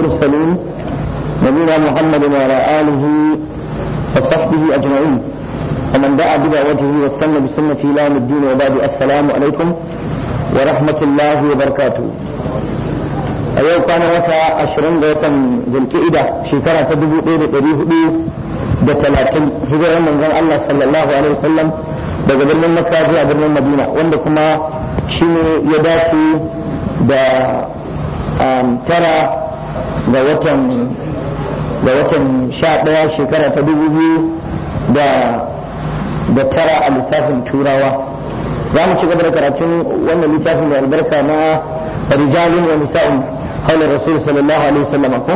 المرسلين نبينا محمد وعلى آله وصحبه أجمعين ومن دعا بدعوته واستنى بسنته إلى يوم الدين وبعد السلام عليكم ورحمة الله وبركاته a yau kwana wata ashirin ga watan zulki'ida shekara ta dubu ɗaya da ɗari hudu da talatin hijirar manzon Allah sallallahu alaihi wasallam daga birnin Makka a birnin Madina wanda kuma shine ya dace da tara ga watan da watan sha ɗaya shekara ta dubu biyu da tara a lissafin turawa za mu ci gaba da karatun wannan littafin da albarka na rijalin wa nisa'in haula rasul sallallahu alaihi wasallam ko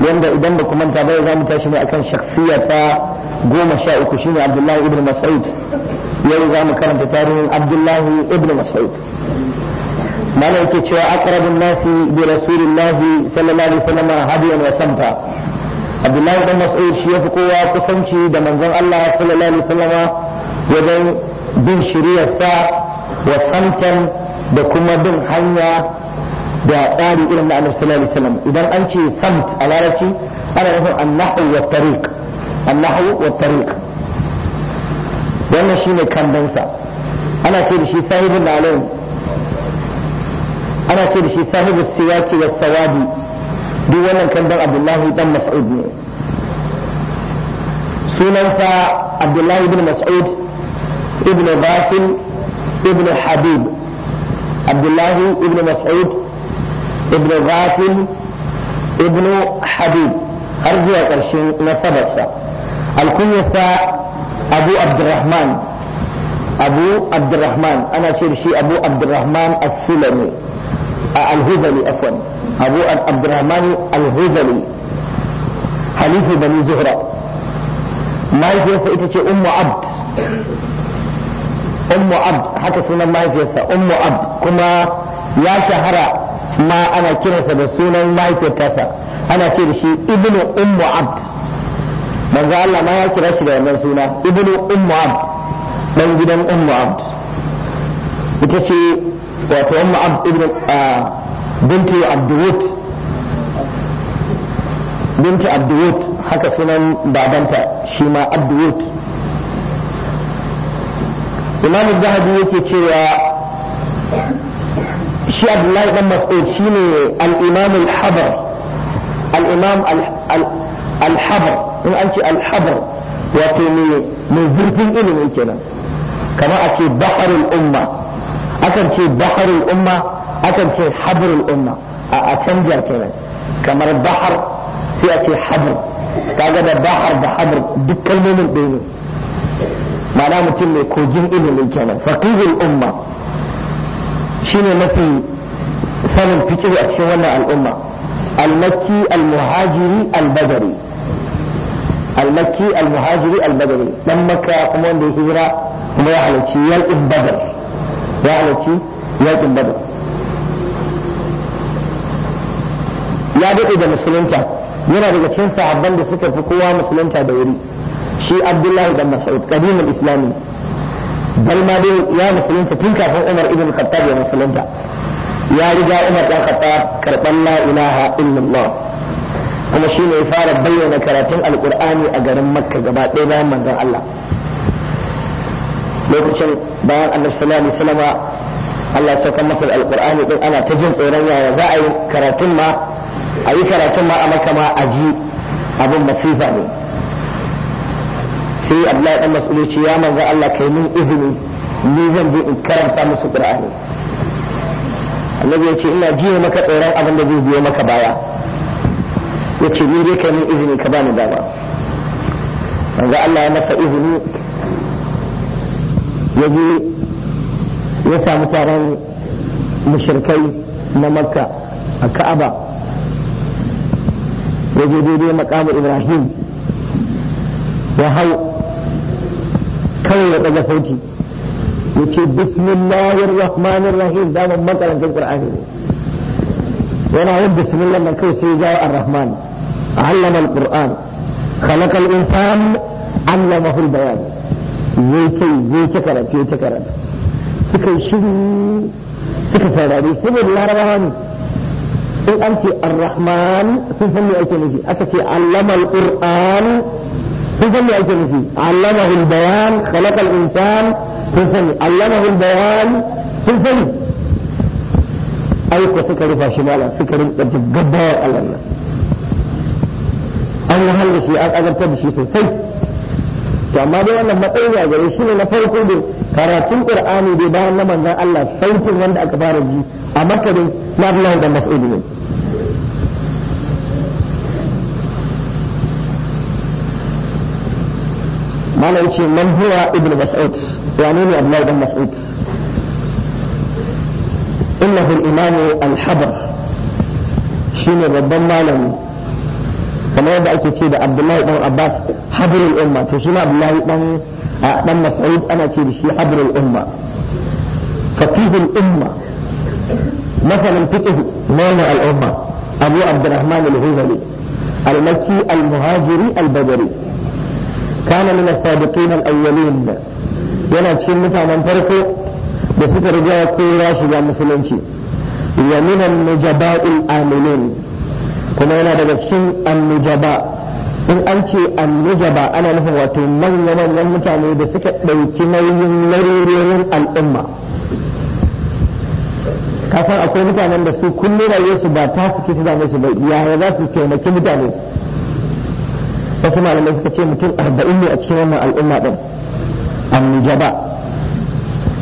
wanda idan da ku manta ba za mu tashi ne akan shakhsiya ta goma sha uku shine abdullahi ibn mas'ud yau za mu karanta tarihin abdullahi ibn mas'ud mana yake cewa aqrabun nasi bi rasulillah sallallahu alaihi wasallam hadiyan wa samta abdullahi dan mas'ud shi yafi kowa kusanci da manzon Allah sallallahu alaihi wasallam wajen bin sa wa samtan da kuma bin hanya da tsari irin da annabi sallallahu alaihi wasallam idan an ce samt a larabci ana nufin annahu wa tariq annahu wa tariq wannan shine kandansa ana ce da shi sahibul alim أنا كرشي صاحب السياك والسوادي بولا كان دان عبد الله بن مسعود سنن عبد الله بن مسعود ابن باسل ابن حبيب عبد الله بن مسعود ابن غافل ابن حبيب أرجو أرشين نصبت الكنية أبو عبد الرحمن أبو عبد الرحمن أنا شرشي أبو عبد الرحمن السلمي الهذلي عفوا أبو عبد الرحمن الهذلي حليف بني زهرة ما يفيس إتشي أم عبد أم عبد حتى سنة ما يفيس أم عبد كما يا شهرة ما أنا كنسة بسونا ما يفيتاسا أنا تيرشي ابن أم عبد من قال الله ما يكرش لأن سنة ابن أم عبد من جدا أم عبد إتشي wato umma abd ibn ah, binti abdurut binti abdurut haka sunan babanta shi ma abdurut imam zahabi yake cewa shi abdullahi dan mas'ud shine al-imam al-habr al-imam al-habr in an ce al-habr wato ne mai zurfin ilimin kenan kamar a ce baharul umma akan ce baharul umma akan ce habrul umma a canja kenan kamar bahar sai a ce habr kaga da bahar da habr duk kalmomin ɗaya ne ma'ana mutum mai kogin ilimi kenan faqihul umma shine mafi sanin fikir a cikin wannan al'umma al-makki al-muhajiri al-badari al-makki al-muhajiri al-badari dan makka kuma wanda ya hijira kuma ya halarci yakin badar ya halarci yakin ya daɗe da musulunta yana daga cikin sahabban da suka fi kowa musulunta da wuri shi abdullahi da mas'ud qadimul islami bal ma dai ya musulunta tun kafin umar ibn khattab ya musulunta ya riga umar dan khattab karban la ilaha illallah kuma shi ne ya fara bayyana karatun alkur'ani a garin makka gaba ɗaya bayan manzon allah lokacin bayan annabi sallallahu alaihi wasallam Allah ya saukar masa alqur'ani din ana ta jin tsoron yaya za a yi karatun ma a yi karatun ma a maka ma a ji abin masifa ne sai Abdullahi dan mas'ulu ce ya manzo Allah kai min izini ni zan je in karanta musu qur'ani annabi ya ce ina jiya maka tsoron abin da zai biyo maka baya yace ni dai kai min izini ka bani dama manzo Allah ya masa izini ya je ya samu taron mushrikai na makka a ka'aba ya je daidai makamu ibrahim ya hau kawai ya ɗaga sauti ya ce bismillahir rahmanir rahim daman makarantar qur'ani ne yana yin bismillah nan kai sai ya ar-rahman allama al-qur'an khalaqa al-insan allamahu zai kai zai ta karatu ya ta karatu suka yi shiru suka saurari saboda larabawa ne in an ce ar-rahman sun san me ake nufi aka ce allama al-qur'an sun san me ake nufi allamahu al-bayan khalaqa al-insan sun san allamahu al-bayan sun sani aiko suka rufa shi mala suka rinka gaggawar Allah nan an yi shi an azabtar da shi sosai to amma dai wannan matsayin ya gare shi ne na farko da karatun qur'ani dai bayan na manzon Allah sautin wanda aka fara ji a makka dai na Abdullahi da Mas'ud ne malam ce man huwa ibnu mas'ud yani ne Abdullahi da Mas'ud innahu al-imamu al-habr shine babban malami kamar yadda ake ce da abdullahi dan abbas habrul umma to shi ma abdullahi dan dan mas'ud ana ce da shi habrul umma faqihul umma Abu مثلا فقه مولى الأمة أبو عبد الرحمن الهذلي المكي المهاجري البدري كان من السابقين الأولين yana cikin mutanen farko da suka riga kowa shiga musulunci wa minan nujaba'il amilin kuma yana daga cikin annujaba in an ce annujaba ana nufin wato manya-manyan mutane da suka ɗauki nauyin larurorin al'umma kasan akwai mutanen da su kullum rayuwarsu ba ta su ce ta zame su ba yaya za su taimaki mutane wasu malamai suka ce mutum arba'in ne a cikin wannan al'umma ɗin annujaba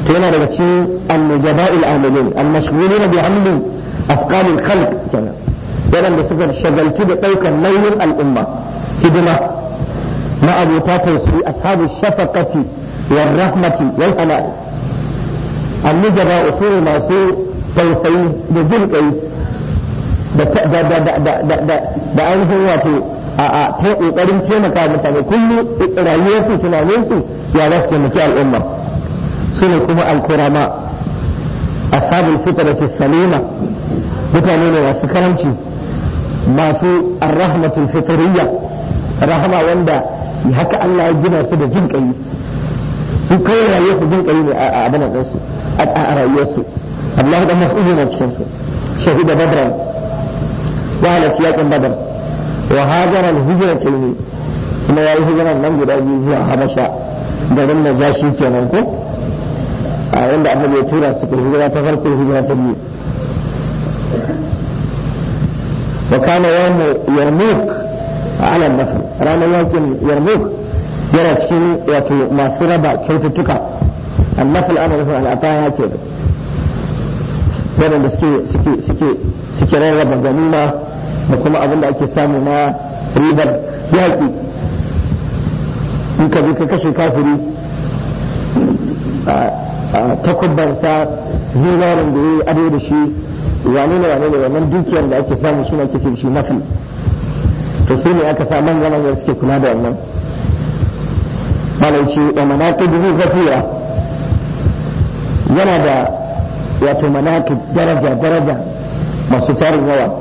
to yana daga cikin annujaba il-amilin al-mashghulina bi amlin afqalil khalq kenan waɗanda suka shagaltu da ɗaukar nauyin al'umma hidima na abota tausayi ashabu shafaqati wal rahmati wal halal annijaba usuru masu tausayi da jin ƙai da ainihin wato a ta ƙoƙarin taimaka mutane kullu rayuwarsu tunaninsu ya za su taimaki al'umma su ne kuma alkurama ashabul fitrati salima mutane ne masu karamci masu arrahmatul fitriya rahama wanda haka Allah ya gina su da jin kai su kai rayuwar su jin kai ne a abin nan su a rayuwar su Allah da masu a cikin su da badran wa halarci yakin badar wa hajar al-hijra ne kuma yi hijran nan guda biyu zuwa habasha garin shi kenan ko a wanda annabi ya tura su hijira ta farko hijira ta biyu وكان يوم يرموك على النفر رانا يوم يرموك yana cikin wato masu raba kyaututtuka annafal ana nufin al'ata ya ce waɗanda suke suke suke suke rarraba ganima da kuma abin da ake samu na ribar yaƙi in ka je ka kashe kafiri takubbansa zinarin da ya ado da shi wane ne wane ne wannan dukiyar da ake samu suna ke cin shi nafi to sai ne aka sa manya manyan suke kula da wannan malam ce da manaqibu ghafira yana da wato manatu daraja daraja masu tarin yawa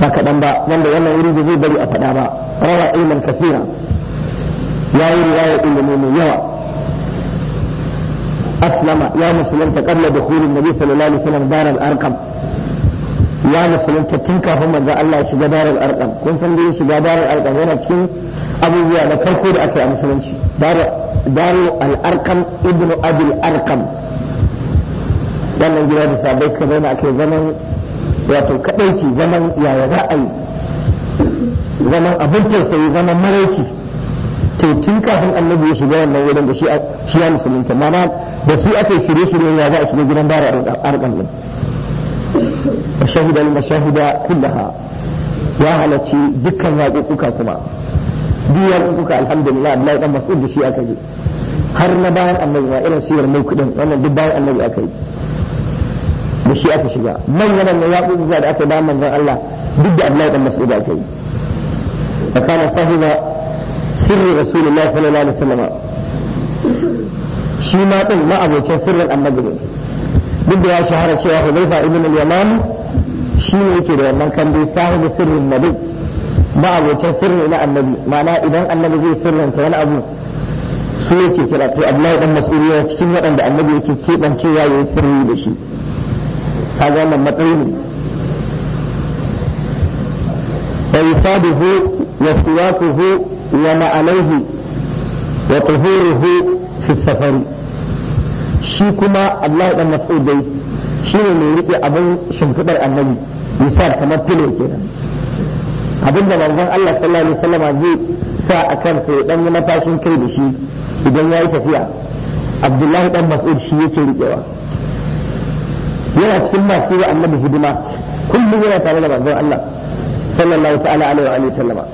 ba kaɗan ba wanda wannan wuri da zai bari a faɗa ba rawa ilmin kasira ya yi riwaya ilimi mai yawa أسلم يا مسلم قبل دخول النبي صلى الله عليه وسلم دار الأرقم يا مسلم تتنكا هم ذا الله شجا دار الأرقم كن سنجي شجا دار الأرقم هنا تشكين أبو يا لفرقود أكي مسلم دار دار الأرقم ابن أبي الأرقم wannan gida da sabai suka zauna ake zaman wato kadaici zaman yaya za a yi zaman abin tausayi zaman maraici to tun kafin annabi ya shiga wannan wurin da shi ya musulunta mana da su aka yi shirye shirye ya za a shiga gidan bara arkan din mashahida mashahida kullaha ya halarci dukkan yaƙuƙuka kuma duk yaƙuƙuka alhamdulillah Allah dan mas'ud da shi aka yi har na bayan annabi ma irin siyar mai kuɗin wannan duk bayan annabi aka yi da shi aka shiga manyan nan yaƙuƙuka da aka ba manzon Allah duk da Allah dan mas'ud aka yi فكان صاحب Birri rasulullah sallallahu alaihi wasallam shi ma din ma abokin sirrin annabi ne duk da ya shahara cewa Hudayfa ibn al-Yaman shi ne yake da wannan kandi sahibu sirrin nabi ba abokin sirri na annabi ma'ana idan annabi zai sirranta wani abu su yake kira to Abdullahi dan mas'uliya cikin waɗanda annabi yake kebancewa yayin sirri da shi kaga wannan matsayi ne wa wani alaihi wa tuhuruhu fi safari shi kuma Allah dan mas'udai shi ne mai rike abin shimfidar annabi misal kamar filo kenan abin da manzon Allah sallallahu alaihi wasallama zai sa a kansa ya dan yi matashin kai da shi idan ya yi tafiya abdullahi dan mas'ud shi yake riƙewa yana cikin masu yi annabi hidima kullum yana tare da manzon Allah sallallahu ta'ala alaihi wa sallama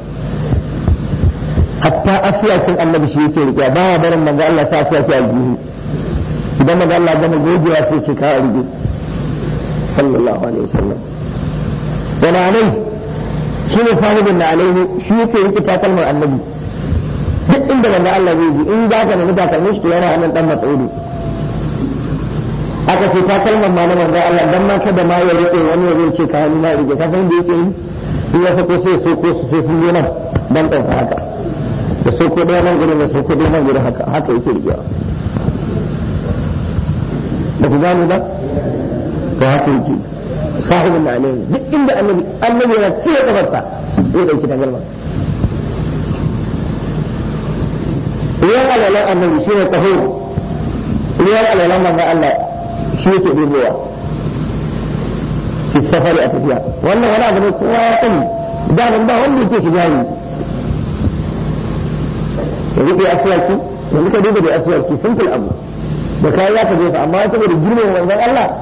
hatta aswakin annabi shi yake riƙe ba ya barin manzo Allah sa aswaki a gihu idan manzo Allah gama gojewa sai ce ka rige sallallahu alaihi wasallam wala alai shi ne sahibin da alaihi shi yake riƙe takalmar annabi duk inda manzo Allah zai ji in za ka nemi takalmin shi to yana hannun dan matsayi aka ce takalmar ma na manzo Allah dan ma kada ma ya riƙe wani ya zai ce ka hannu ma rike ka san da yake yi in ya ko sai so ko su sai sun yi nan dan kansa haka da sauko ɗaya nan gudun da sauko ɗaya nan gudun haka haka yake rigewa da ku gane ba ga haka yake sahibin da alayhi duk inda annabi annabi yana cire kafarsa zai ɗauki tagalma ruwan alalan annabi shi ne tahur ruwan alalan manzon Allah shi yake dubowa safari a tafiya ɗebowa في السفر أتفيها وأنه لا أدري كواتم دعنا wanda yake shiga جاهي yanzu kai yanzu ka duba da aswaki simple abu da kai za ka jefa amma saboda girman manzon Allah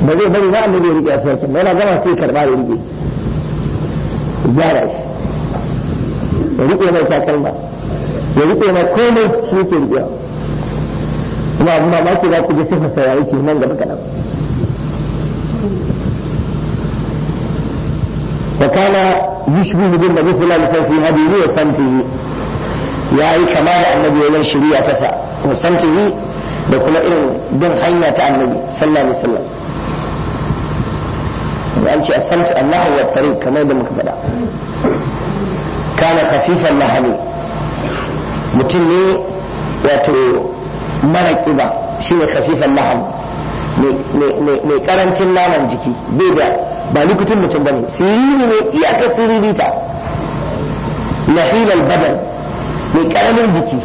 ba zai bari ba annabi ya rike aswaki ba yana gama sai karɓa ya rike gyara shi ya rike mai takalma ya rike mai komai shi ke rikewa kuma abin mamaki za ku ji sifar saurari ke nan gaba kaɗan وكان يشبه بالنبي صلى الله عليه وسلم في هديه وسمته ya yi kama da annabi wajen shari'a ta sa musantihi da kuma irin bin hanya ta annabi sallallahu alaihi wasallam an ce asamtu allahu wa tariq kamar da muka faɗa kana khafifan lahani mutum ne wato mara kiba shine khafifan laham mai karancin naman jiki bai da ba likutun mutum ba ne. siriri ne iyakar siririta lahilal badan mai karamin jiki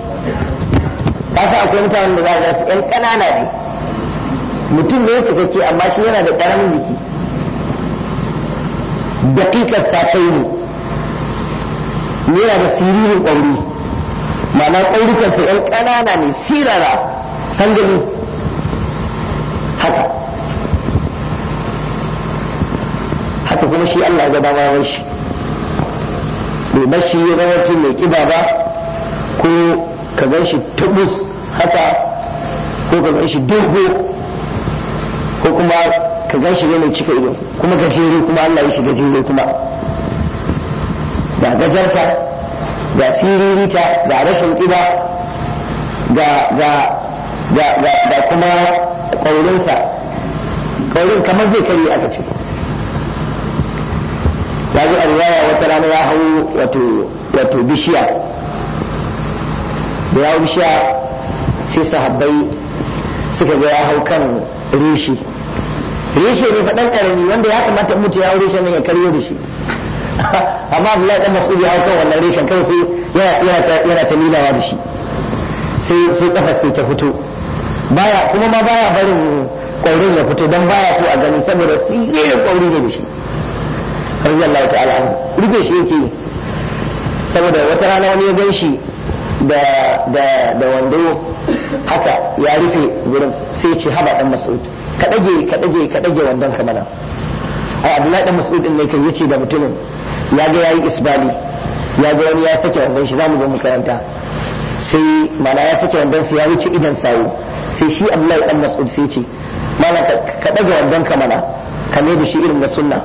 ba sa akwai mutanen da za a su yan kanana ne mutum ne ke amma shi yana da karamin jiki Daƙiƙar sakai ne yana da siririn ƙwauri ma'ana ƙwaurukansa yan kanana ne sirara sangali haka haka kuma shi Allah ya ga dama shi bai bashi ya zama mai kiba ba ko ka gan shi tabus haka ko ka gan shi dogo ko kuma ka gan shi ne mai cika ido kuma gajere kuma Allah ya shi gajere kuma ga gajarta ga siririta ga rashin kiba ga kuma ƙaurinsa kaurin kamar zai kari aka ce ya zo a riwaya wata rana ya hau wato bishiya da ya sai sahabbai suka ga ya hau kan reshe reshe ne faɗan ƙarami wanda ya kamata mutu ya reshe ne ya karyo da shi amma Abdullahi Ɗan Mas'ud ya hau kan wannan reshen kan sai yana ta nilawa da shi sai sai sai ta fito baya kuma ma baya barin ƙwarin ya fito don baya so a gani saboda sirrin yin ne da shi Allah ta'ala rufe shi yake saboda wata rana wani ya gan shi da wando haka ya rufe gurin sai ce haba dan mas'ud ka ɗage ka ɗage ka ɗage wandon ka mana ai abdullahi dan mas'ud din ne kan yace da mutumin ya ga yayi isbali ya ga wani ya sake wandon shi zamu ga mu karanta sai mana ya sake wandon sa ya wuce idan sayo sai shi abdullahi dan mas'ud sai ce mana ka ɗage wandon ka mana ka da shi irin na sunna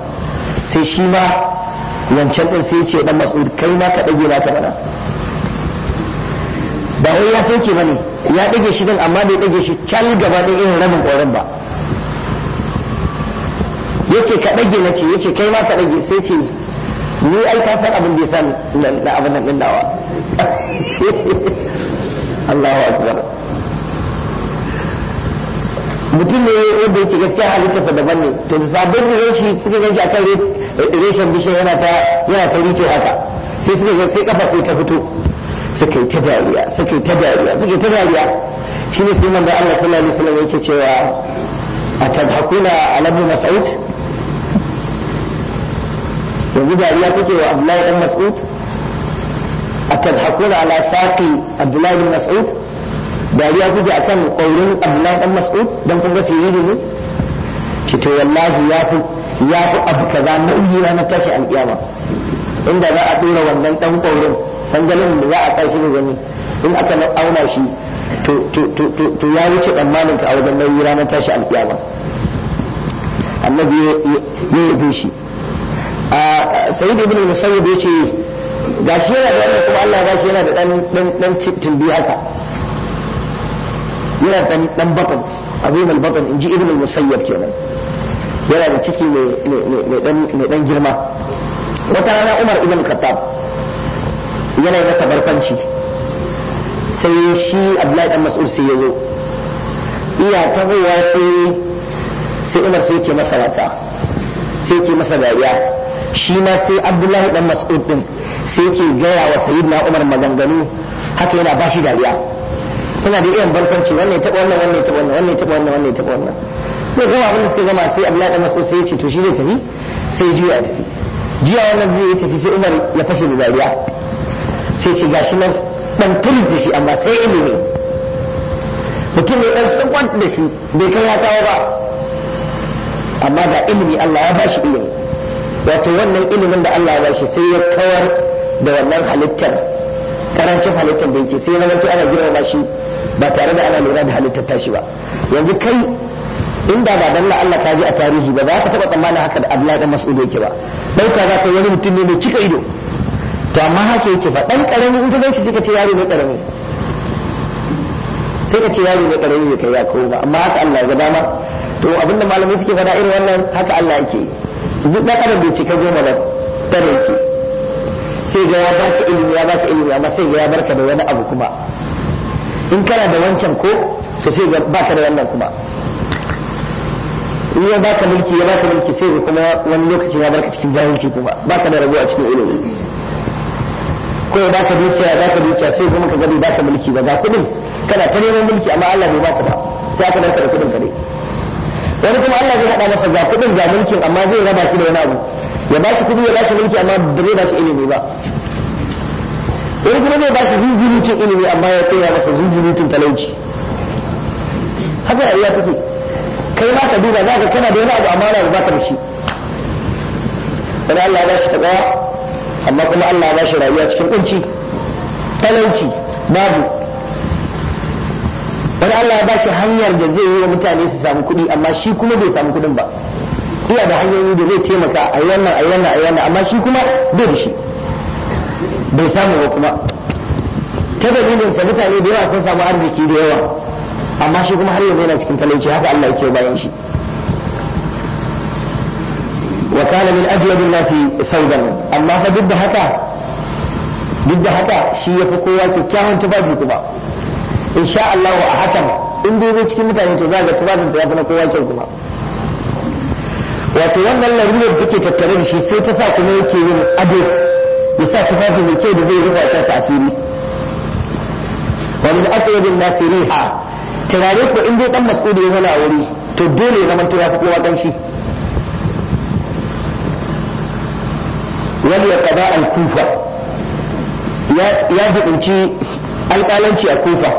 sai shi ma wancan din sai ce dan mas'ud kai ma ka ɗage ka mana ba wai ya sauke bane ya ɗage shi din amma bai ɗage shi can gaba da irin rabin ƙorin ba yace ka ɗage na ce yace kai ma ka ɗage sai ce ni ai ka san abin da ya san na abin nan dawa Allahu akbar mutum ne wanda yake gaskiya halittarsa daban ne to da sabon rigar shi suka gan shi akan reshen bishiyar yana ta yana ta rike haka sai suka sai kafa sai ta fito suka yi ta dariya suka yi ta dariya suka yi ta dariya shi ne sai da Allah sallallahu alaihi wasallam yake cewa atadhakuna ala ibn mas'ud yanzu dariya kuke wa Abdullahi dan Mas'ud atadhakuna ala saqi Abdullahi bin Mas'ud dariya kuke akan kaurin Abdullahi dan Mas'ud dan kun ga sirri ne ki to wallahi ya fi ya fi abu kaza ujira na tashi alƙiyama inda za a dora wannan dan kaurin Sandalin da za a sa shi da gani in aka auna shi to ya wuce tsammanin ka a wajen nauyi ranar tashi alƙiyama annabi ya yi bin shi a da ibn ce ga shi yana da kuma Allah gashi yana da ɗan dan tumbi haka yana da ɗan batan abin al batan ji ibn al musayyib kenan yana da ciki mai ɗan girma wata rana Umar ibn Khattab yana yi masa barkwanci sai shi abdullahi dan mas'ud sai ya zo iya tahowa sai sai umar sai ke masa wasa sai ke masa dariya shi ma sai abdullahi dan mas'ud din sai ke gaya wa sayyidina umar maganganu haka yana bashi dariya suna da iya barkwanci wannan ya taɓa wannan wannan ya taɓa wannan wannan ya taɓa wannan wannan ya taɓa wannan sai kuma abin da suka gama sai abdullahi dan mas'ud sai ya ce to shi zai tafi sai juya tafi juya wannan zai tafi sai umar ya fashe da dariya sai ce gashi nan dan tulis da shi amma sai ilimi mutum ne dan tsakwan da shi bai kai ya kawo ba amma ga ilimi Allah ya bashi ilimi wato wannan ilimin da Allah ya bashi sai ya kawar da wannan halittar karancin halittar da yake sai ya zama ana girmama shi ba tare da ana lura da halittar tashi ba yanzu kai inda ba dan Allah ka ji a tarihi ba za ka taba tsammanin haka da Abdullahi dan Mas'ud yake ba dauka za ka wani mutum ne mai cika ido to amma haka yake fa dan karami in ka ganshi sai ka ce yaro ne karami sai ka ce yaro ne karami bai kai ya kawo ba amma haka Allah ga dama to abinda malamai suke faɗa irin wannan haka Allah yake duk dan adam bai cika goma ba tare yake sai ga ya baka ilimi ya baka ilimi amma sai ga ya barka da wani abu kuma in kana da wancan ko to sai ga baka da wannan kuma in ya baka mulki ya baka mulki sai ga kuma wani lokacin ya barka cikin jahilci kuma baka da rabo a cikin ilimi ko ya baka dukiya baka dukiya sai kuma ka gabi baka mulki ba ga kudin kana ta neman mulki amma Allah bai baka ba sai aka danka da kudin ka dai wani kuma Allah zai hada masa ga kudin ga mulkin amma zai raba shi da wani abu ya ba shi kudi ya ba shi mulki amma ba zai ba shi ilimi ba wani kuma zai ba shi zunzurutun ilimi amma ya koya masa zunzurutun talauci haka iya take kai ma ka duba za ka kana da wani abu amma ba ka da shi wani Allah ya ba shi ta amma kuma Allah ya bashi rayuwa cikin kunci talauci babu wani Allah ya bashi hanyar da zai yi wa mutane su samu kuɗi amma shi kuma bai samu kuɗin ba iya da hanyoyi da zai taimaka a yi wannan a yi wannan a yi wannan amma shi kuma bai da shi bai samu ba kuma ta sa mutane da yawa sun samu arziki da yawa amma shi kuma har yanzu yana cikin talauci haka Allah yake bayan shi وكان من min الناس nasi saudan amma fa duk da haka duk da haka shi ya fi kowa kyakkyawan tufafi kuma insha Allah a hakan in dai cikin mutane to ya kowa kyau kuma wato wannan larurar da ke tattare da shi sai ta sa kuma yake yin ado ya sa tufafi mai kyau da zai rufa kansa asiri da min yi nasi nasiriha turare ko in dai dan mas'udi ya wuri to dole ya zama kowa dan shi waliya ya al-kufa ya jibinci alƙalanci a kufa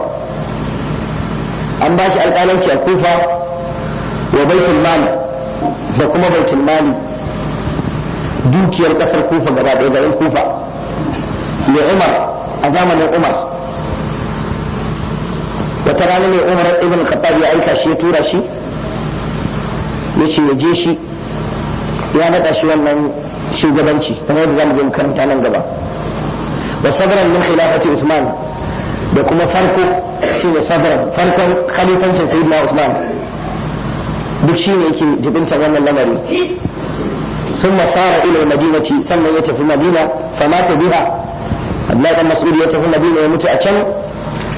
an ba alƙalanci a kufa wa baitul mali da kuma baitul mali dukiyar ƙasar kufa gaba ɗaya garin kufa mai umar a zamanin umar wata rana ne umar ibn khattab ya aika shi ya tura shi ya ce ya je shi ya naɗa shi wannan shugabanci kamar yadda zamu je karanta nan gaba wa sadran min khilafati usman da kuma farko shine sadran farkon khalifancin sayyidina usman duk shine yake jibinta wannan lamari ثم سار إلى المدينة سنة يتفي المدينة فمات بها أبناء المسؤول يتفي المدينة يموت أكل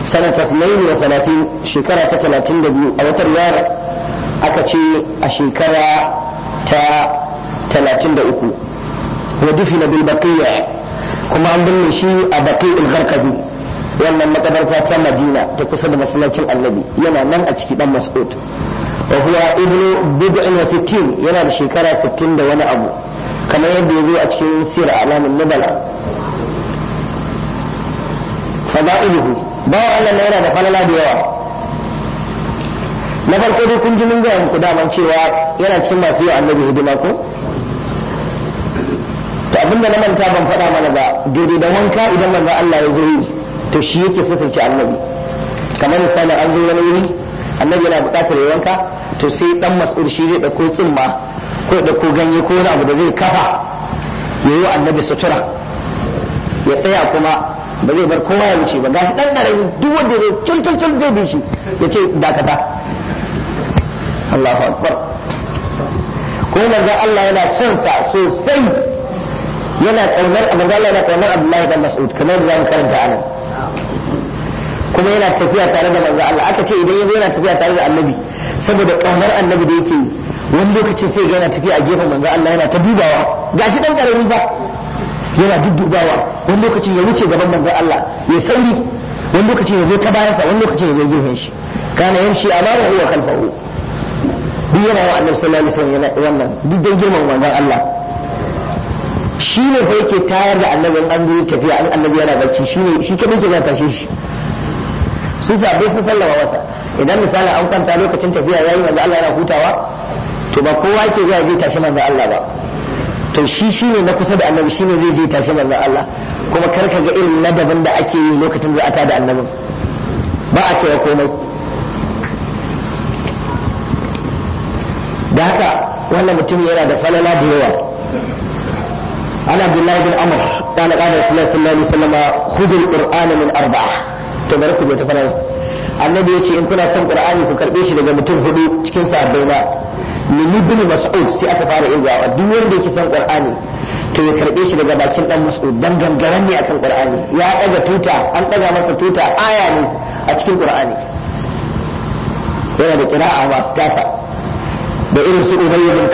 سنة 32 شكرة 32 أو تريار أكتشي أشكرة تا 33 wa dufina bil baqiya kuma an binne shi a baqi'ul gharqabi wannan makabarta ta Madina ta kusa da masallacin Annabi yana nan a ciki dan Mas'ud wa huwa ibnu bid'in sittin yana da shekara 60 da wani abu kamar yadda ya zo a cikin sirr alamin nubala fada'iluhu bawa Allah na yana da falala da yawa na farko dai kun ji mun ga muku daman cewa yana cikin masu yi annabi hidima ko to abinda na manta ban faɗa mana ba daidai da wanka idan manzo Allah ya zo yi to shi yake sutunci annabi kamar misali an zo wani wuri annabi yana buƙatar wanka to sai dan mas'ul shi zai dauko tsumma ko ko ganye ko wani abu da zai kafa ya yi annabi sutura ya tsaya kuma ba zai bar kowa ya wuce ba gashi dan narayi duk wanda zai tuntun zai bi shi ya ce dakata Allahu akbar ko manzo Allah yana son sa sosai yana kaunar manzo Allah yana kaunar Abdullahi dan Mas'ud kamar da zamu karanta anan kuma yana tafiya tare da manzo Allah aka ce idan yazo yana tafiya tare da Annabi saboda kaunar Annabi da yake yi wani lokacin sai yana tafiya a gefen manzo Allah yana ta dubawa gashi dan karami ba yana duddubawa wani lokacin ya wuce gaban manzo Allah ya sauri wani lokacin ya zo ta bayansa wani lokacin ya zo gefen shi kana yamshi amamahu wa khalfahu duk yana wa Annabi sallallahu alaihi wasallam yana wannan duk dan girman manzon Allah shi ne fa yake tayar da annabi an zo tafiya an annabi yana bacci shi ne shi kadai ke zata shi su bai sun sallama masa idan misali an kwanta lokacin tafiya yayi manzo Allah yana hutawa to ba kowa yake zuwa zai tashi manzo Allah ba to shi shi ne na kusa da annabi shi ne zai je tashi manzo Allah kuma kar ka ga irin ladabin da ake yi lokacin da ta da annabin ba a cewa komai da haka wannan mutum yana da falala da yawa عن عبد الله بن عمر قال قال رسول الله صلى الله عليه وسلم خذوا القرآن من أربعة تباركوا ya ce in kuna son qur'ani ku karɓe shi daga mutum hudu cikin sahabbai na min ibn mas'ud sai aka fara irgawa duk wanda yake son qur'ani to ya karbe shi daga bakin dan mas'ud dan gangaran ne akan qur'ani ya daga tuta an daga masa tuta aya ne a cikin qur'ani yana da qira'a ma tasa da irin su ubayy bin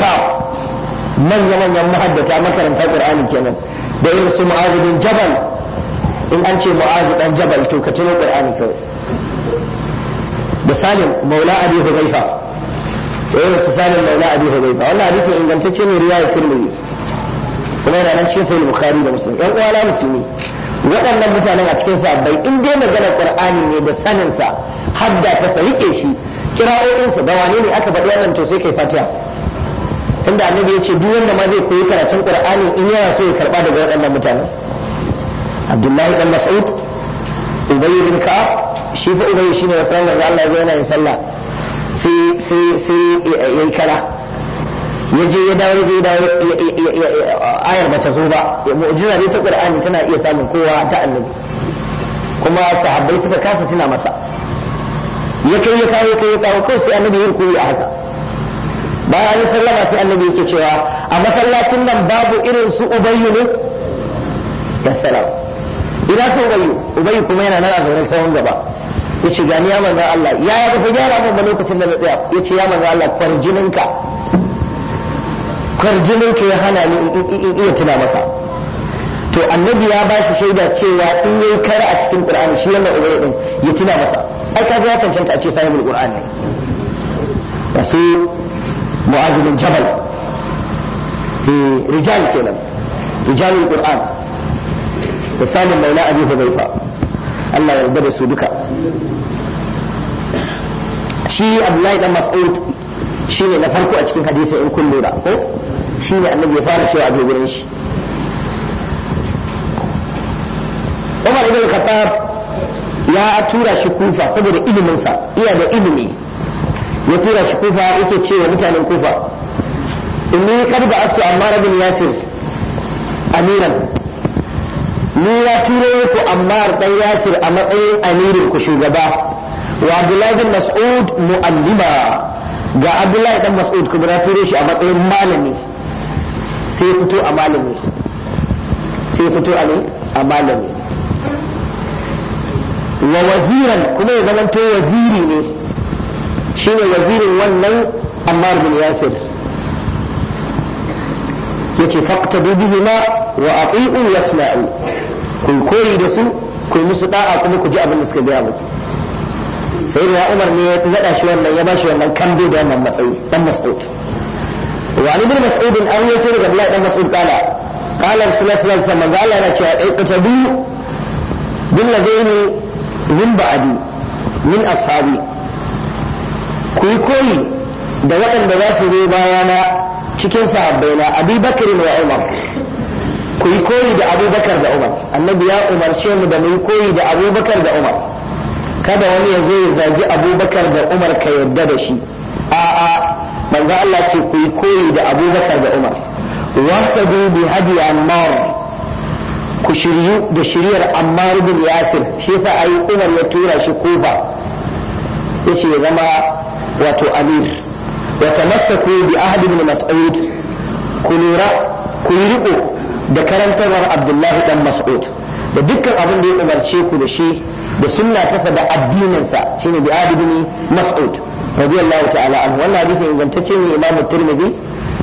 من يمن mahaddata makaranta qur'ani kenan da irin سمع mu'azu jabal in an ce mu'azu dan jabal to ka tuno qur'ani kawai da salim maula abi hudayfa da irin su salim maula abi hudayfa wannan hadisin ne kuma yana nan cikin sahih bukhari da musulmi. ɗan uwana musulmi waɗannan mutanen a cikin sabbai in dai magana qur'ani ne da saninsa hadda ta sa shi kira'o'insa da wane ne aka faɗi wannan to sai kai fatiha inda annabi ya ce duk wanda ma zai koyi karatun qur'ani in yana so ya karba daga waɗannan mutane. abdullahi dan mas'ud ubay bin ka'ab shi fa ubay shine wata ran da Allah ya yana yin sallah sai sai sai yayi kara ya je ya dawo ya dawo ayar bata zo ba mu'jiza ne ta qur'ani tana iya samun kowa ta annabi kuma sahabbai suka kasa tuna masa ya kai ya kawo kai ya kawo kai sai annabi ya koyi a haka bayan an sallama sai annabi yake cewa a masallacin nan babu irin su ubayyu ne da salam ina su ubayyu ubayyu kuma yana nan a zaune tsawon gaba yace gani ya manzon Allah ya ya kafa gyara mun ba lokacin da na tsaya yace ya manzon Allah kwarjininka kwarjininka ya hana ni in iya tuna maka to annabi ya ba shi shaida cewa in yayi kara a cikin qur'ani shi wannan ubayyu din ya tuna masa ai kaga ya cancanta a ce sahibul qur'ani ne wasu معاذ بن jabal في kenan كلام qur'an misalin maula abi hudayfa Allah ya يرضى da su duka shi abdullahi dan mas'ud shine na farko a cikin hadisi in kun lura ko shine annabi ya fara cewa a gurin shi Umar ibn Khattab ya tura shi kufa saboda iliminsa iya da ilimi ya tura shi kufa yake cewa mutanen kufa in kad ba asu amma rabin yasir amiran ni ya turo ku amma dan yasir a matsayin amirin ku shugaba wa abdullahi bin mas'ud mu'allima ga abdullahi dan mas'ud ku ya turo shi a matsayin malami sai fito a malami sai fito a malami wa waziran kuma ya zamanto waziri ne Shi ne wazirin wannan ammar bin yasir yace faqtadu bihima wa ati'u yasma'u kun kori da su ku musu da'a kuma ku ji abin da suka gaya muku sai da Umar ne ya naɗa shi wannan ya ba shi wannan kambe da wannan matsayi dan Mas'ud wa Ali bin Mas'ud an yace daga Abdullah dan Mas'ud kala kala Rasulullah sallallahu alaihi wasallam Allah yana cewa ai qatadu bil ladaini min ba'di min ashabi Kuyi yi koyi da waɗanda za su zo bayana cikin sahabbaina abubakar wa umar ku koyi da abubakar da umar annabi ya umarce mu da mu yi koyi da abubakar da umar kada wani ya zo ya zagi abubakar da umar ka yarda da shi a'a manzo Allah ce kuyi koyi da abubakar da umar wata bi hadi ammar ku shiryu da shiryar ammar bin yasir shi yasa ayi umar ya tura shi kufa yace ya zama wato amir wa tamassaku bi ahad min mas'ud ku lura riko da karantarwar abdullahi dan mas'ud da dukkan abin da ya umarce ku da shi da sunna tasa da addininsa shine bi ahad min mas'ud radiyallahu ta'ala an wannan hadisi ingantacce ne imam tirmidhi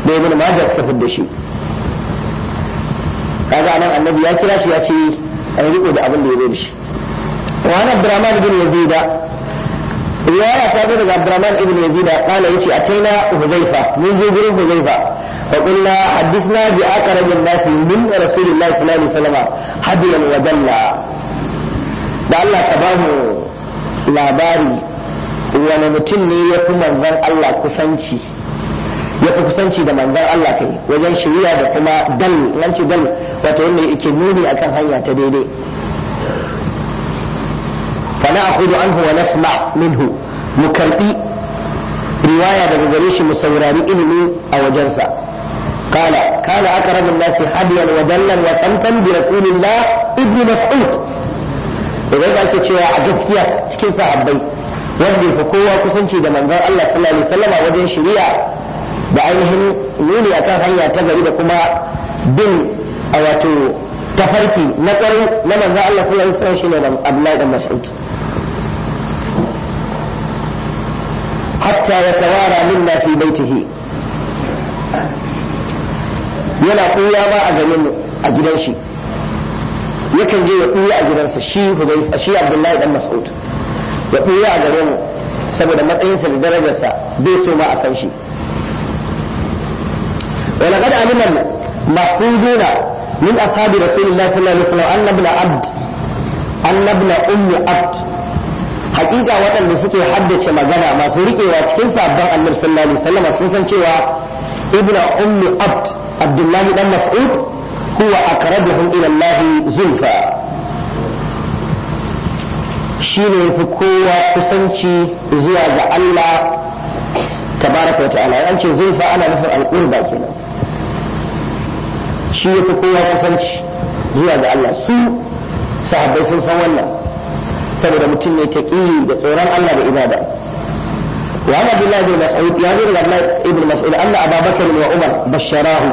da ibn majah suka da shi kaga anan annabi ya kira shi ya ce an riko da abin da ya zo da shi wa ana abdurrahman bin yazida riwaya ta zo daga Abdurrahman ibn Yazid qala yace ataina Huzaifa mun zo gurin Huzaifa fa qulna hadisna bi aqrabin nas min Rasulillahi sallallahu alaihi wasallam hadiyan wa dalla da Allah ka ba mu labari wani mutum ne ya fi manzon Allah kusanci ya fi kusanci da manzan Allah kai wajen shirya da kuma dal nan ce dal wato wanda yake nuni akan hanya ta daidai فنأخذ عنه ونسمع منه مكربي رواية دغريش مسوراني إلمي أو جنسا قال كان أكرم الناس حبيا ودلا وسمتا برسول الله ابن مسعود idan za ke cewa a gaskiya cikin sahabbai wanda fa kowa kusanci da manzon Allah sallallahu alaihi wasallama wajen shari'a da ainihin nuni akan hanya ta gari da kuma bin a tafarki na ƙwarin na manzan Allah sallallahu sanshi ne shine Abdullahi da Mas'ud hatta ya tawara min minna fi baitihi yana kuya ba a ganin a gidan shi yakan je ya kuya a gidansa shi Hudayfa shi Abdullahi dan Mas'ud ya kuya a gare mu saboda matsayinsa da darajarsa bai so ma a san shi ولقد علم المحفوظون من أصحاب رسول الله صلى الله عليه وسلم أن ابن عبد أن ابن أم عبد حقيقة وطن بسكي حدث مغانا ما سوريكي واتكين سابقا النبي صلى الله عليه وسلم سنسان شوى ابن أم عبد عبد الله بن مسعود هو أقربهم إلى الله زلفا shine yafi kowa kusanci zuwa ga Allah tabaraka wa ta'ala an ce zulfa ana nufin alqurba kenan shi ya fi kowa kusanci zuwa ga Allah su sahabbai sun san wannan saboda mutum ne ta da tsoron Allah da ibada wa ana billahi bin mas'ud ya zo daga Allah ibn mas'ud Allah Abubakar wa Umar basharahu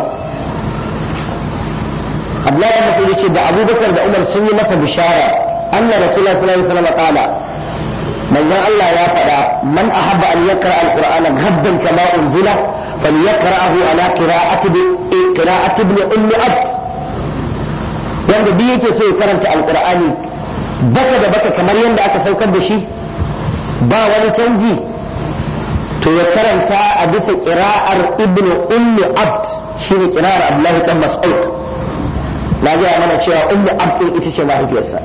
Abdullahi ibn Mas'ud ce da Abubakar da Umar sun yi masa bishara Allah Rasulullah sallallahu alaihi wasallam qala manzon Allah ya faɗa man ahabba an yaqra alqur'ana haddan kama unzila falyaqra'ahu ala qira'ati qira'ati ibn ummi abd wanda bi yake so ya karanta alqur'ani baka da baka kamar yadda aka saukar da shi ba wani canji to ya karanta a bisa qira'ar ibn ummi abd shine qira'ar abdullahi dan mas'ud na ga mana cewa ummi abd ita ce mahaifiyarsa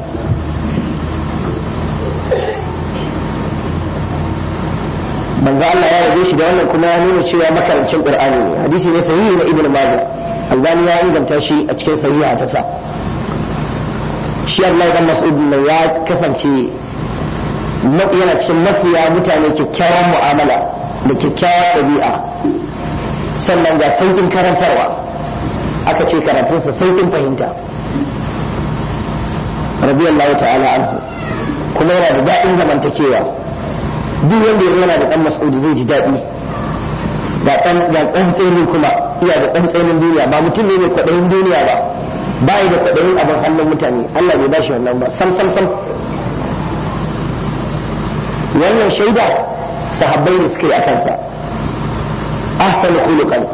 manzo Allah ya rabe shi da wannan kuma ya nuna cewa makarancin Qur'ani ne hadisi ne sahihi na Ibn Majah Albani ya inganta shi a cikin sahiha ta sa shi allah dan Mas'ud ne ya kasance yana cikin mafiya mutane kyakkyawan mu'amala da kyakkyawan ɗabi'a sannan ga saukin karantarwa aka ce karatunsa saukin fahimta radiyallahu ta'ala anhu kuma yana da daɗin zamantakewa duk wanda ya yana da dan mas'ud zai ji daɗi ga tsantsenin kuma iya da tsantsenin duniya ba mutum ne mai kwaɗayin duniya ba bayi da kwaɗayin abin hannun mutane Allah bai bashi wannan ba sam sam sam wannan shaida sahabbai da suka yi a kansa ahsanu khuluqan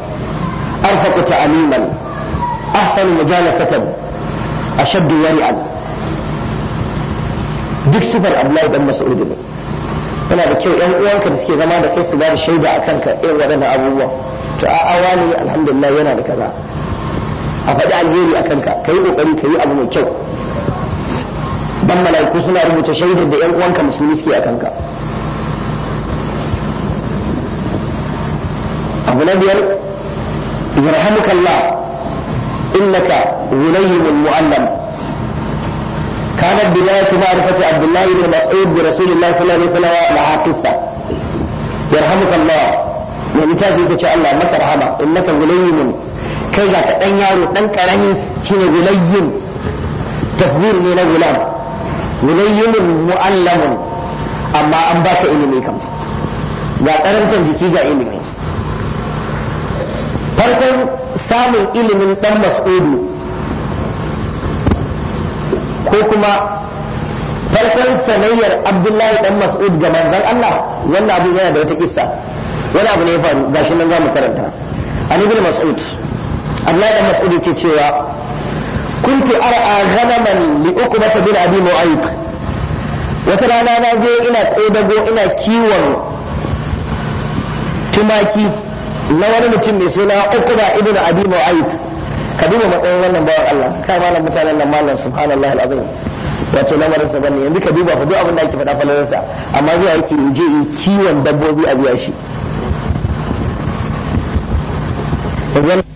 arfaqu ta'aliman ahsanu mujalasatan ashaddu wari'an duk sifar Abdullahi dan Mas'ud ne yana da kyau yan uwanka da suke zama da kai su ba da shaida a kanka irin waɗannan abubuwan to a awa ne alhamdulillah yana da kaza a faɗi alheri a kanka ka yi ƙoƙari ka yi abu mai kyau dan mala'iku suna rubuta shaidar da yan uwanka musulmi suke a kanka abu na biyar yarhamukallah innaka min mu'allam كانت بداية معرفة عبد الله بن مسعود برسول الله صلى الله عليه وسلم لها قصة يرحمك الله من يتشاء تشاء الله ما رحمة إنك غليم كي لا تأنيار تنكرني رني شين غليم تصدير من غلام غليم مؤلم أما أنباك إلمي لا ga karantar jiki ga ilimi farkon samun ilimin dan mas'udu ko kuma farkon sanayyar abdullahi dan mas'ud ga manzan Allah wannan abu yana da wata kissa wani abu ne ya faru gashi nan za mu karanta an ibn mas'ud abdullahi dan mas'ud yake cewa kuntu ar'a ghanaman li mata bin abi mu'ayt wata rana na je ina kodago ina kiwon tumaki na wani mutum mai suna uqba ibn abi mu'ayt ka duba matsayin wannan bawan Allah ka malam mutanen nan malam subhanallahi alazim wato lamarin sa bane yanzu ka duba ku duk abin da ake faɗa falalar sa amma zai yake in je in kiwon dabbobi a biya shi